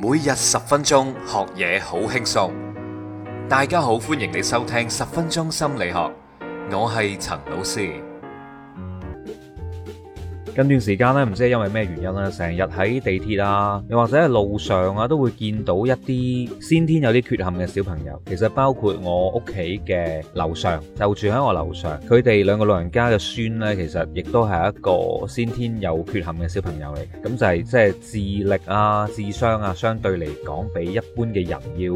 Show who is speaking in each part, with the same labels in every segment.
Speaker 1: 每日十分鐘學嘢好輕鬆，大家好，歡迎你收聽十分鐘心理學，我係陳老師。近段時間咧，唔知係因為咩原因啦，成日喺地鐵啊，又或者喺路上啊，都會見到一啲先天有啲缺陷嘅小朋友。其實包括我屋企嘅樓上，就住喺我樓上，佢哋兩個老人家嘅孫呢，其實亦都係一個先天有缺陷嘅小朋友嚟。咁就係即係智力啊、智商啊，相對嚟講比一般嘅人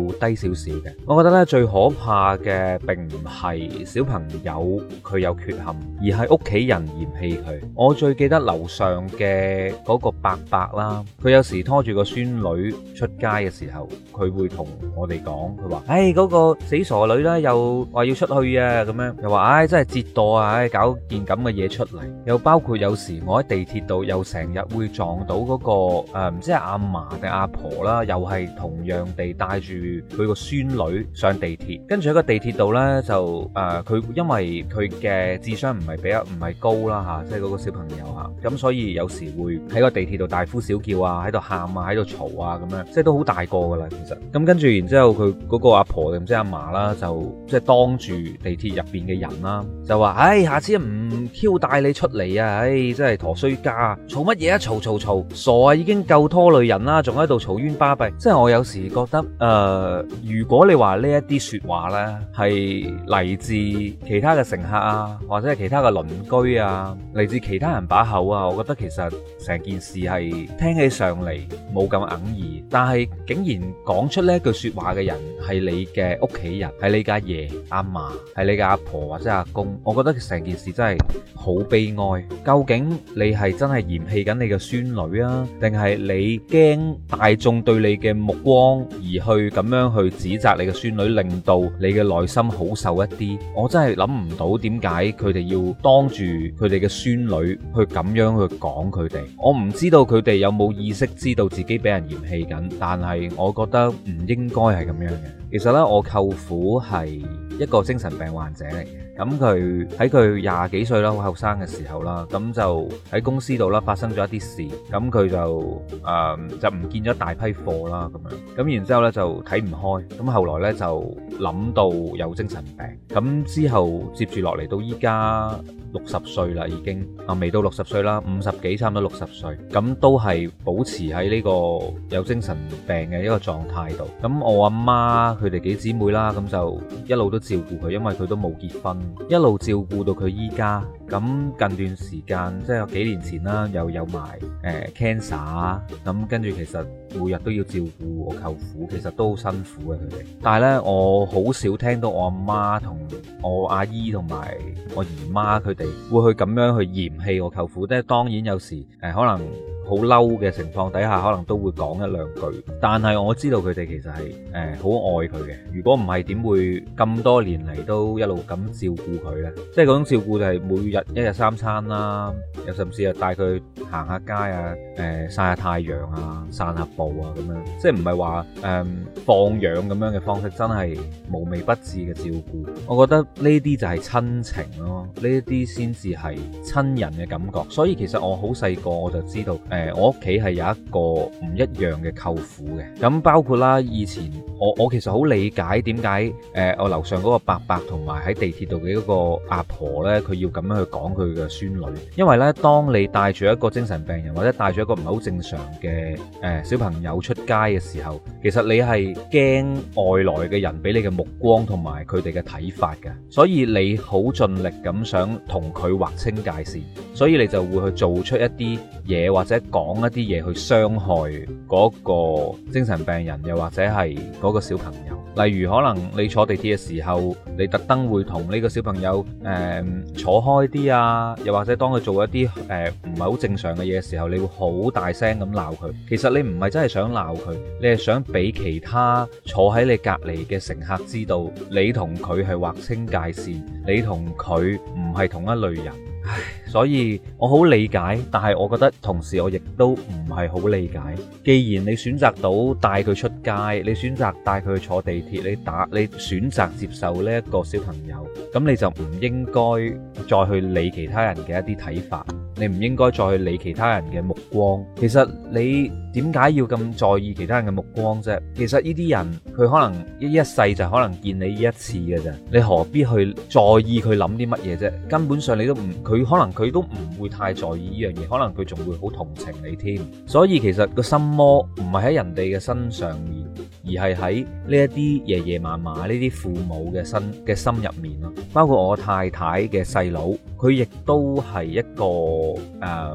Speaker 1: 要低少少嘅。我覺得咧，最可怕嘅並唔係小朋友佢有缺陷，而係屋企人嫌棄佢。我最記得樓上嘅嗰個伯伯啦，佢有時拖住個孫女出街嘅時候，佢會同我哋講，佢話：唉，嗰個死傻女啦，又話要出去啊，咁樣又話，唉，真係折墮啊，唉，搞件咁嘅嘢出嚟。又包括有時我喺地鐵度，又成日會撞到嗰個誒，唔知係阿嫲定阿婆啦，又係同樣地帶住佢個孫女上地鐵，跟住喺個地鐵度呢，就誒，佢因為佢嘅智商唔係比較唔係高啦嚇，即係嗰個小朋友嚇。咁所以有時會喺個地鐵度大呼小叫啊，喺度喊啊，喺度嘈啊，咁樣、啊，即係都好大個噶啦，其實。咁跟住然之後，佢嗰個阿婆定唔知阿嫲啦，就即係當住地鐵入邊嘅人啦、啊，就話唉、哎，下次唔 Q 帶你出嚟啊！唉、哎，真係陀衰家，嘈乜嘢啊？嘈嘈嘈，傻啊！已經夠拖累人啦、啊，仲喺度嘈冤巴閉，即係我有時覺得，誒、呃、如果你話呢一啲說話咧係嚟自其他嘅乘客啊，或者係其他嘅鄰居啊，嚟自其他人把口。好啊，我覺得其實成件事係聽起上嚟，冇咁哽耳，但係竟然講出呢一句說話嘅人係你嘅屋企人，係你家爺阿嫲，係你嘅阿婆或者阿公，我覺得成件事真係好悲哀。究竟你係真係嫌棄緊你嘅孫女啊，定係你驚大眾對你嘅目光而去咁樣去指責你嘅孫女，令到你嘅內心好受一啲？我真係諗唔到點解佢哋要當住佢哋嘅孫女去咁。咁樣去講佢哋，我唔知道佢哋有冇意識知道自己俾人嫌棄緊，但係我覺得唔應該係咁樣嘅。其實咧，我舅父係一個精神病患者嚟嘅。咁佢喺佢廿幾歲啦，好後生嘅時候啦，咁就喺公司度啦發生咗一啲事，咁佢就誒、呃、就唔見咗大批貨啦咁樣，咁然之後呢，就睇唔開，咁後來呢，就諗到有精神病，咁之後接住落嚟到依家六十歲啦已經，啊未到六十歲啦，五十幾差唔多六十歲，咁都係保持喺呢個有精神病嘅一個狀態度。咁我阿媽佢哋幾姊妹啦，咁就一路都照顧佢，因為佢都冇結婚。一路照顧到佢依家，咁近段時間即係幾年前啦，又有埋誒 cancer，咁跟住其實每日都要照顧我舅父，其實都好辛苦嘅佢哋。但係呢，我好少聽到我阿媽同我阿姨同埋我姨媽佢哋會去咁樣去嫌棄我舅父。即係當然有時誒、欸，可能。好嬲嘅情況底下，可能都會講一兩句。但係我知道佢哋其實係誒好愛佢嘅。如果唔係點會咁多年嚟都一路咁照顧佢呢？即係嗰種照顧就係每日一日三餐啦，有、啊、甚至係帶佢行下街啊、誒曬下太陽啊、散下步啊咁樣。即係唔係話誒放養咁樣嘅方式，真係無微不至嘅照顧。我覺得呢啲就係親情咯，呢啲先至係親人嘅感覺。所以其實我好細個我就知道。誒、呃，我屋企係有一個唔一樣嘅舅父嘅，咁包括啦，以前我我其實好理解點解誒，我樓上嗰個伯伯同埋喺地鐵度嘅嗰個阿婆呢，佢要咁樣去講佢嘅孫女，因為呢，當你帶住一個精神病人或者帶住一個唔係好正常嘅誒、呃、小朋友出街嘅時候，其實你係驚外來嘅人俾你嘅目光同埋佢哋嘅睇法嘅，所以你好盡力咁想同佢劃清界線。所以你就會去做出一啲嘢，或者講一啲嘢去傷害嗰個精神病人，又或者係嗰個小朋友。例如可能你坐地鐵嘅時候，你特登會同呢個小朋友誒、呃、坐開啲啊，又或者當佢做一啲誒唔係好正常嘅嘢時候，你會好大聲咁鬧佢。其實你唔係真係想鬧佢，你係想俾其他坐喺你隔離嘅乘客知道，你同佢係劃清界線，你同佢唔係同一類人。唉，所以我好理解，但係我覺得同時我亦都唔係好理解。既然你選擇到帶佢出街，你選擇帶佢去坐地鐵，你打你選擇接受呢一個小朋友，咁你就唔應該再去理其他人嘅一啲睇法。你唔應該再理其他人嘅目光。其實你點解要咁在意其他人嘅目光啫？其實呢啲人佢可能一一世就可能見你一次嘅啫，你何必去在意佢諗啲乜嘢啫？根本上你都唔，佢可能佢都唔會太在意呢樣嘢，可能佢仲會好同情你添。所以其實個心魔唔係喺人哋嘅身上面。而係喺呢一啲爺爺嫲嫲呢啲父母嘅身嘅心入面咯，包括我太太嘅細佬，佢亦都係一個誒、嗯、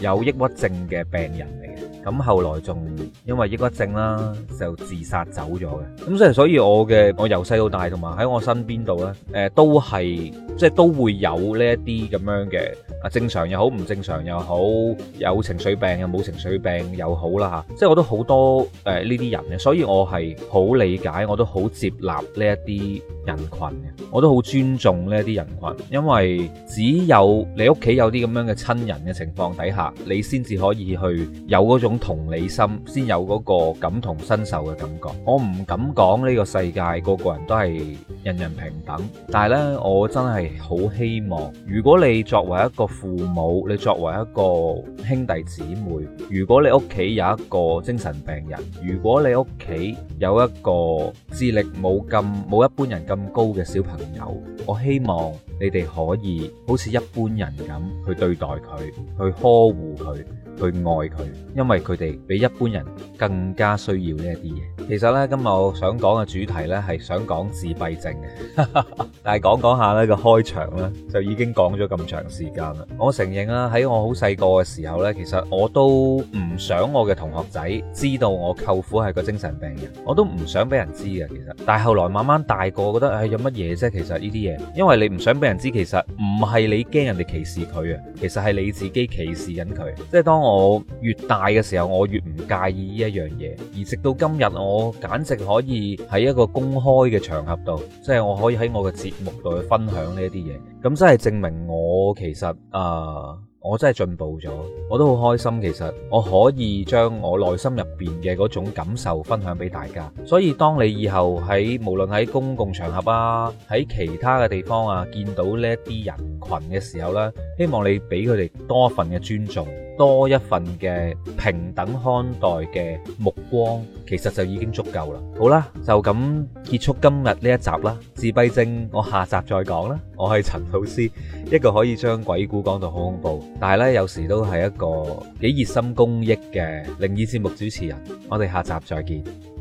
Speaker 1: 有抑鬱症嘅病人嚟嘅。咁後來仲因為抑鬱症啦，就自殺走咗嘅。咁所以所以我嘅我由細到大，同埋喺我身邊度呢，誒都係即係都會有呢一啲咁樣嘅。啊正常又好，唔正常又好，有情緒病又冇情緒病又好啦、嚇，即係我都好多誒呢啲人咧，所以我係好理解，我都好接納呢一啲。人群嘅，我都好尊重呢啲人群，因為只有你屋企有啲咁樣嘅親人嘅情況底下，你先至可以去有嗰種同理心，先有嗰個感同身受嘅感覺。我唔敢講呢個世界個個人都係人人平等，但係咧，我真係好希望，如果你作為一個父母，你作為一個兄弟姊妹，如果你屋企有一個精神病人，如果你屋企有一個智力冇咁冇一般人咁。咁高嘅小朋友，我希望你哋可以好似一般人咁去對待佢，去呵護佢。去愛佢，因為佢哋比一般人更加需要呢一啲嘢。其實呢，今日我想講嘅主題呢係想講自閉症嘅。 但係講講下呢個開場呢就已經講咗咁長時間啦。我承認啦，喺我好細個嘅時候呢，其實我都唔想我嘅同學仔知道我舅父係個精神病人，我都唔想俾人知嘅。其實，但係後來慢慢大個，覺得唉、哎、有乜嘢啫？其實呢啲嘢，因為你唔想俾人知，其實唔係你驚人哋歧視佢啊，其實係你自己歧視緊佢。即係當。我越大嘅時候，我越唔介意呢一樣嘢。而直到今日，我簡直可以喺一個公開嘅場合度，即係我可以喺我嘅節目度去分享呢一啲嘢。咁真係證明我其實啊，我真係進步咗。我都好開心，其實我可以將我內心入邊嘅嗰種感受分享俾大家。所以，當你以後喺無論喺公共場合啊，喺其他嘅地方啊，見到呢一啲人群嘅時候呢，希望你俾佢哋多一份嘅尊重。多一份嘅平等看待嘅目光，其實就已經足夠啦。好啦，就咁結束今日呢一集啦。自閉症，我下集再講啦。我係陳老師，一個可以將鬼故講到好恐怖，但係咧有時都係一個幾熱心公益嘅靈異節目主持人。我哋下集再見。